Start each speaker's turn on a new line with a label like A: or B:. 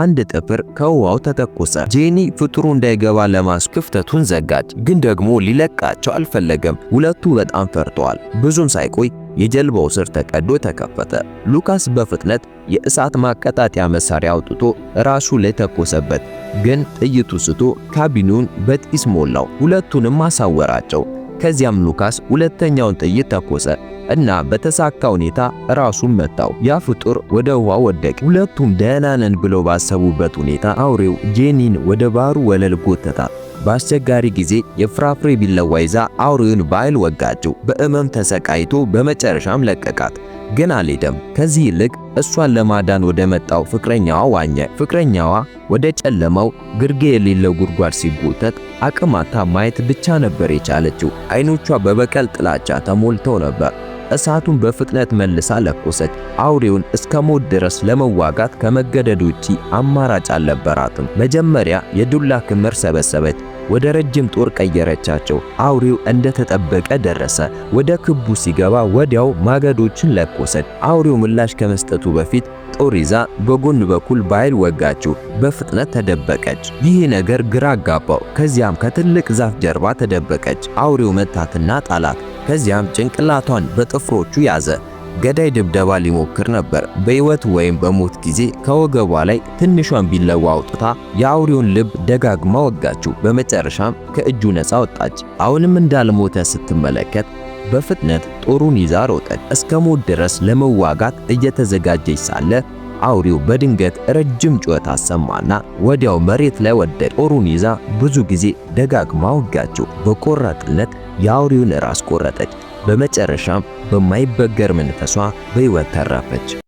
A: አንድ ጥፍር ከውሃው ተተኮሰ። ጄኒ ፍጥሩ እንዳይገባ ለማስ ክፍተቱን ዘጋች፣ ግን ደግሞ ሊለቃቸው አልፈለገም። ሁለቱ በጣም ፈርተዋል። ብዙም ሳይቆይ የጀልባው ስር ተቀዶ ተከፈተ። ሉካስ በፍጥነት የእሳት ማቀጣጠያ መሳሪያ አውጥቶ ራሱ ላይ ተኮሰበት፣ ግን ጥይቱ ስቶ ካቢኑን በጢስ ሞላው። ሁለቱንም አሳወራቸው። ከዚያም ሉካስ ሁለተኛውን ጥይት ተኮሰ እና በተሳካ ሁኔታ ራሱን መታው። ያ ፍጡር ወደ ውሃ ወደቀ። ሁለቱም ደህና ነን ብለው ባሰቡበት ሁኔታ አውሬው ጄኒን ወደ ባህሩ ወለል ጎተታት። በአስቸጋሪ ጊዜ የፍራፍሬ ቢላዋ ይዛ አውሬውን በኃይል ወጋችው። በእመም ተሰቃይቶ በመጨረሻም ለቀቃት። ግን አልሄደም። ከዚህ ይልቅ እሷን ለማዳን ወደ መጣው ፍቅረኛዋ ዋኘ። ፍቅረኛዋ ወደ ጨለማው ግርጌ የሌለው ጉድጓድ ሲጎተት አቅማታ ማየት ብቻ ነበር የቻለችው። አይኖቿ በበቀል ጥላቻ ተሞልተው ነበር። እሳቱን በፍጥነት መልሳ ለኮሰች። አውሬውን እስከ ሞት ድረስ ለመዋጋት ከመገደድ ውጪ አማራጭ አልነበራትም። መጀመሪያ የዱላ ክምር ሰበሰበች። ወደ ረጅም ጦር ቀየረቻቸው። አውሬው እንደተጠበቀ ደረሰ። ወደ ክቡ ሲገባ ወዲያው ማገዶችን ለኮሰ አውሬው ምላሽ ከመስጠቱ በፊት ጦር ይዛ በጎን በኩል በኃይል ወጋችው። በፍጥነት ተደበቀች። ይህ ነገር ግራ አጋባው። ከዚያም ከትልቅ ዛፍ ጀርባ ተደበቀች። አውሬው መታትና ጣላት። ከዚያም ጭንቅላቷን በጥፍሮቹ ያዘ። ገዳይ ድብደባ ሊሞክር ነበር። በህይወት ወይም በሞት ጊዜ ከወገቧ ላይ ትንሿን ቢላዋ አውጥታ የአውሬውን ልብ ደጋግማ ወጋችው። በመጨረሻም ከእጁ ነፃ ወጣች። አሁንም እንዳልሞተ ስትመለከት በፍጥነት ጦሩን ይዛ ሮጠች። እስከ ሞት ድረስ ለመዋጋት እየተዘጋጀች ሳለ አውሬው በድንገት ረጅም ጩኸት አሰማና ወዲያው መሬት ላይ ወደቀ። ጦሩን ይዛ ብዙ ጊዜ ደጋግማ ወጋችው። በቆራጥነት የአውሬውን ራስ ቆረጠች። በመጨረሻም በማይበገር መንፈሷ በሕይወት ተረፈች።